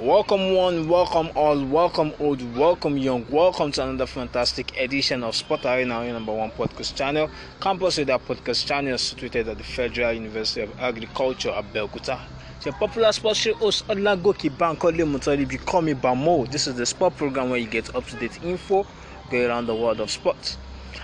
Welcome one, welcome all, welcome old, welcome young, welcome to another fantastic edition of Spot Arena, your number one podcast channel. Campus Radar podcast channel situated at the Federal University of Agriculture at Belkuta. Your popular sports show host Olagoki Bankole Mutali, become call Bamo. This is the sport program where you get up-to-date info, go around the world of sports.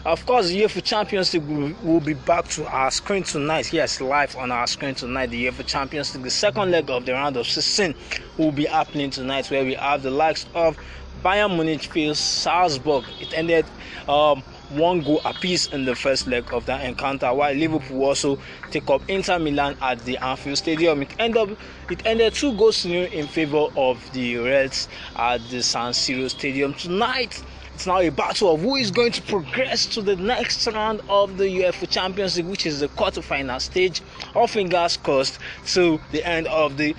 Of course, the UEFA Champions League will, be back to our screen tonight. Yes, live on our screen tonight. The UEFA Champions League, the second leg of the round of 16, will be happening tonight, where we have the likes of Bayern Munich vs Salzburg. It ended um, one goal apiece in the first leg of that encounter, while Liverpool also take up Inter Milan at the Anfield Stadium. It ended up it ended two goals new nil in favour of the Reds at the San Siro Stadium tonight. It's now a battle of who is going to progress to the next round of the UEFA Champions League, which is the quarterfinal stage. All fingers crossed to the end of the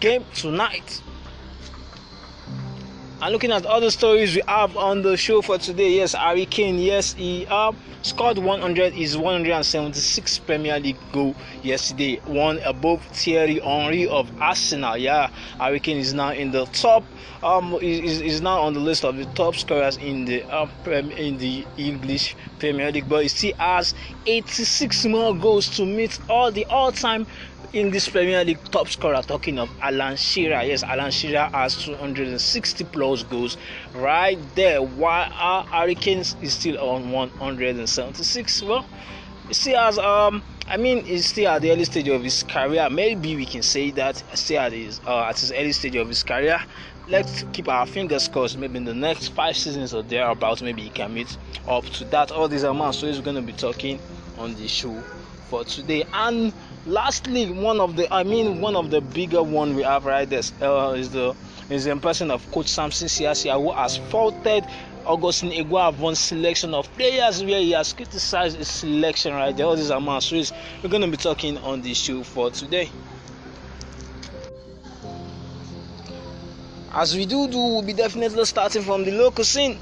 game tonight and looking at other stories we have on the show for today, yes, Harry Kane, yes, he uh, scored 100, his 176 Premier League goal yesterday, one above Thierry Henry of Arsenal. Yeah, Harry Kane is now in the top, um, is, is now on the list of the top scorers in the uh, prem, in the English Premier League, but he still has 86 more goals to meet all the all-time English Premier League top scorer, talking of Alan Shearer. Yes, Alan Shearer has 260 plus goals right there, Why our Hurricanes is still on 176. Well, see, as um, I mean, he's still at the early stage of his career. Maybe we can say that still at his uh, at his early stage of his career. Let's keep our fingers crossed. Maybe in the next five seasons or thereabouts, maybe he can meet up to that. All these amounts. So he's going to be talking on the show for today. And Lastly, one of the I mean one of the bigger one we have right there uh, is the is the person of Coach Samson Siasia who has faulted Augustine Iguavone's selection of players where he has criticised his selection right there. All these are my so we're going to be talking on the show for today. As we do do, we'll be definitely starting from the local scene.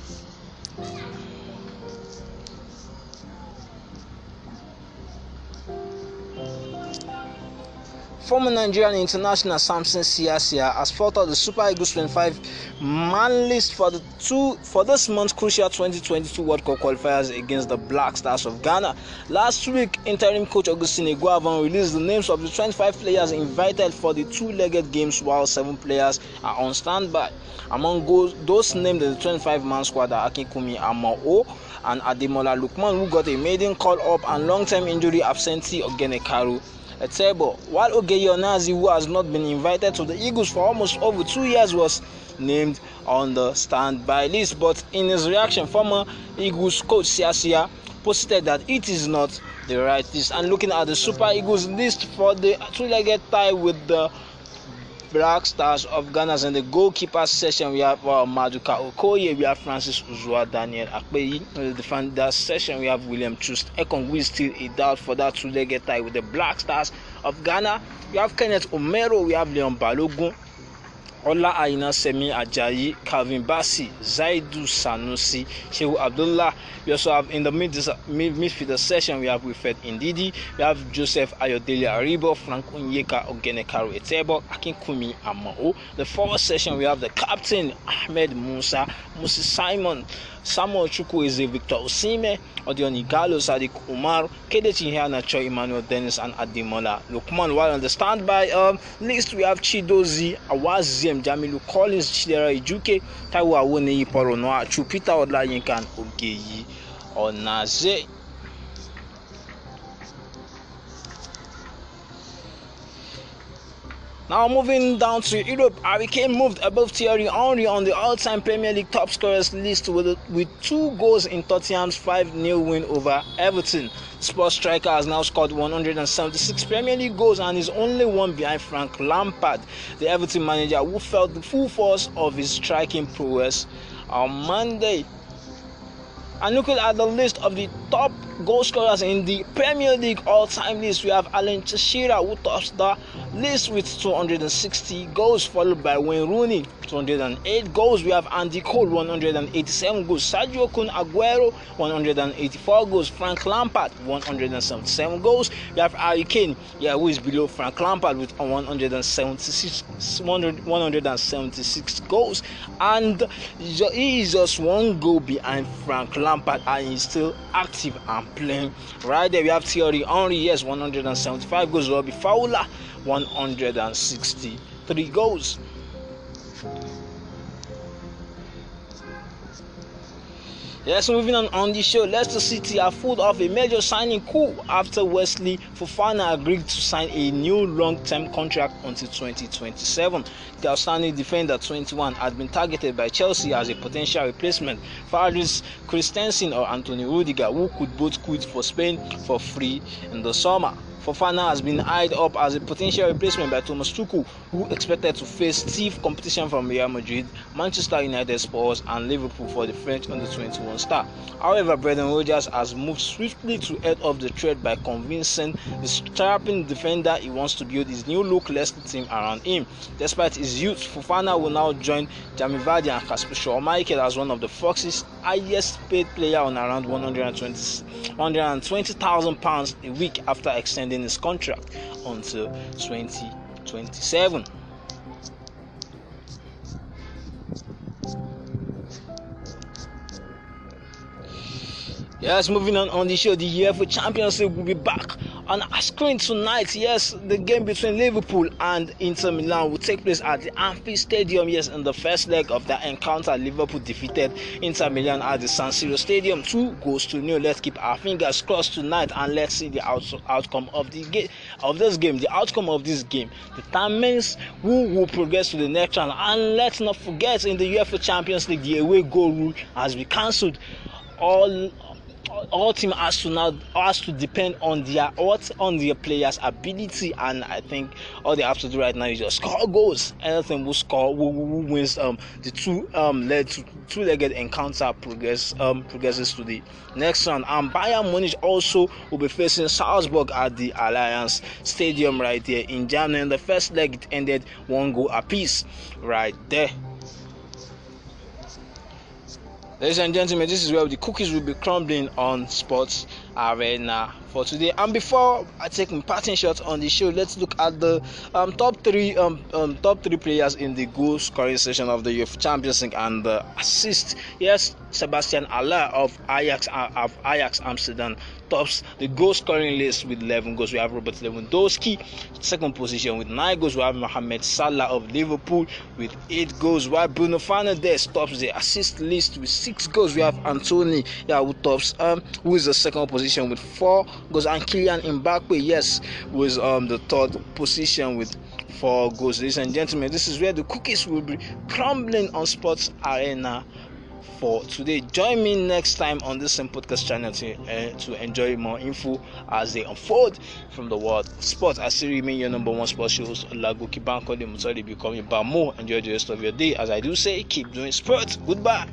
Former Nigerian international Samson Siasia has faltered the Super Eagles 25 man list for the two for this month's crucial 2022 World Cup qualifiers against the Black Stars of Ghana. Last week, interim coach Augustine Iguavan released the names of the 25 players invited for the two-legged games, while seven players are on standby. Among those named in the 25-man squad are Akinkumi Amao and Ademola Lukman, who got a maiden call-up and long-term injury absentee Ogenekaru. Etebo, while Ogeyonazi, who has not been invited to the Eagles for almost over two years, was named on the standby list. But in his reaction, former Eagles coach Siasia posted that it is not the right list. And looking at the Super Eagles list for the two-legged tie with the Black Stars of Ghana. in the goalkeeper session. We have uh, Maduka Okoye, we have Francis Uzua, Daniel Akpeyi. In the defender session, we have William Chust Ekong, we still a doubt for that two-legged tie with the Black Stars of Ghana. We have Kenneth Omero, we have Leon Balogun, ọlá àyìnà sẹmi ajayi calvin bassey zaidu sanusi shehu abdullah we also have in the mid mid midfielder session we have wilfred ndidi we have joseph ayodele aribo frank onyeka ogenekaro etebo akinkunmi amao the fourth session we have the captain ahmed musa musi simon. Samuel Chukwu Eze Victor Osime Odionigalo Sadiq Umar Kedechi Iheanacho Emmanuel Dennis and Ademola Lukman while on the standby um, list we have Chidozi Awaziem Jamilu Collins Chidera Ijuke Taiwo Awoniyi Poronoa Chupita Odlayinka and Ogeyi Onaze Now moving down to Europe, Harry Kane moved above Thierry Henry on the all-time Premier League top scorers list with, with two goals in Tottenham's 5-0 win over Everton. Spurs striker has now scored 176 Premier League goals and is only one behind Frank Lampard, the Everton manager who felt the full force of his striking prowess on Monday. And looking at the list of the top goal scorers in the Premier League all time list, we have Alan Teixeira who tops the list with 260 goals, followed by Wayne Rooney 208 goals. We have Andy Cole 187 goals, Sergio Kun Aguero 184 goals, Frank Lampard 177 goals. We have Harry Kane, yeah, who is below Frank Lampard with 176 176 goals, and he is just one goal behind Frank Lampard, and he's still active and playing. Right there, we have Theory Only yes, 175 goals. be Fowler, 163 goals. Yes, moving on on the show, Leicester City are full of a major signing coup after Wesley Fofana agreed to sign a new long-term contract until 2027. The outstanding defender, 21, had been targeted by Chelsea as a potential replacement for Aris Christensen or Anthony Rudiger, who could both quit for Spain for free in the summer. Fofana has been eyed up as a potential replacement by Thomas Tuchel, who expected to face stiff competition from Real Madrid, Manchester United Spurs, and Liverpool for the French under 21 star. However, Brendan Rodgers has moved swiftly to head off the threat by convincing the strapping defender he wants to build his new look Leicester team around him. Despite his youth, Fofana will now join Jamie Vardy and Casper Schumacher as one of the Foxes' highest paid player on around 120,000 120, pounds a week after extending within his contract until 2027. Yes, moving on on the show, the UEFA Champions League will be back on our screen tonight. Yes, the game between Liverpool and Inter Milan will take place at the Anfield Stadium. Yes, in the first leg of that encounter, Liverpool defeated Inter Milan at the San Siro Stadium. Two goals to nil. Let's keep our fingers crossed tonight and let's see the out- outcome of the game of this game. The outcome of this game determines who will progress to the next round. And let's not forget, in the UEFA Champions League, the away goal rule has been cancelled all all team has to now has to depend on their what on their players' ability, and I think all they have to do right now is just score goals. Anything will score who, who wins um the two um led two legged encounter progress um progresses to the next round. And Bayern Munich also will be facing Salzburg at the Alliance Stadium right here in Germany. And the first leg it ended one goal apiece right there. Ladies and gentlemen, this is where the cookies will be crumbling on Sports Arena for today. And before I take my parting shot on the show, let's look at the um, top three um, um, top three players in the goal scoring session of the Youth Champions League and the assist. Yes, Sebastian Aller of Ajax uh, of Ajax Amsterdam tops the goal scoring list with 11 goals. We have Robert Lewandowski, second position with 9 goals. We have Mohamed Salah of Liverpool with 8 goals. While Bruno Fernandes tops the assist list with 6 goals. We have Anthony, yeah, who tops, um, who is the second position with 4 goals. And Kylian Mbappe, yes, was um, the third position with four goals. Ladies and gentlemen, this is where the cookies will be crumbling on Sports Arena for today. Join me next time on this same podcast channel to, uh, to enjoy more info as they unfold from the world of sports. I still remain your number one sports host, Olagoki Bankole Mutali becoming Bamo. Enjoy the rest of your day. As I do say, keep doing sports. Goodbye.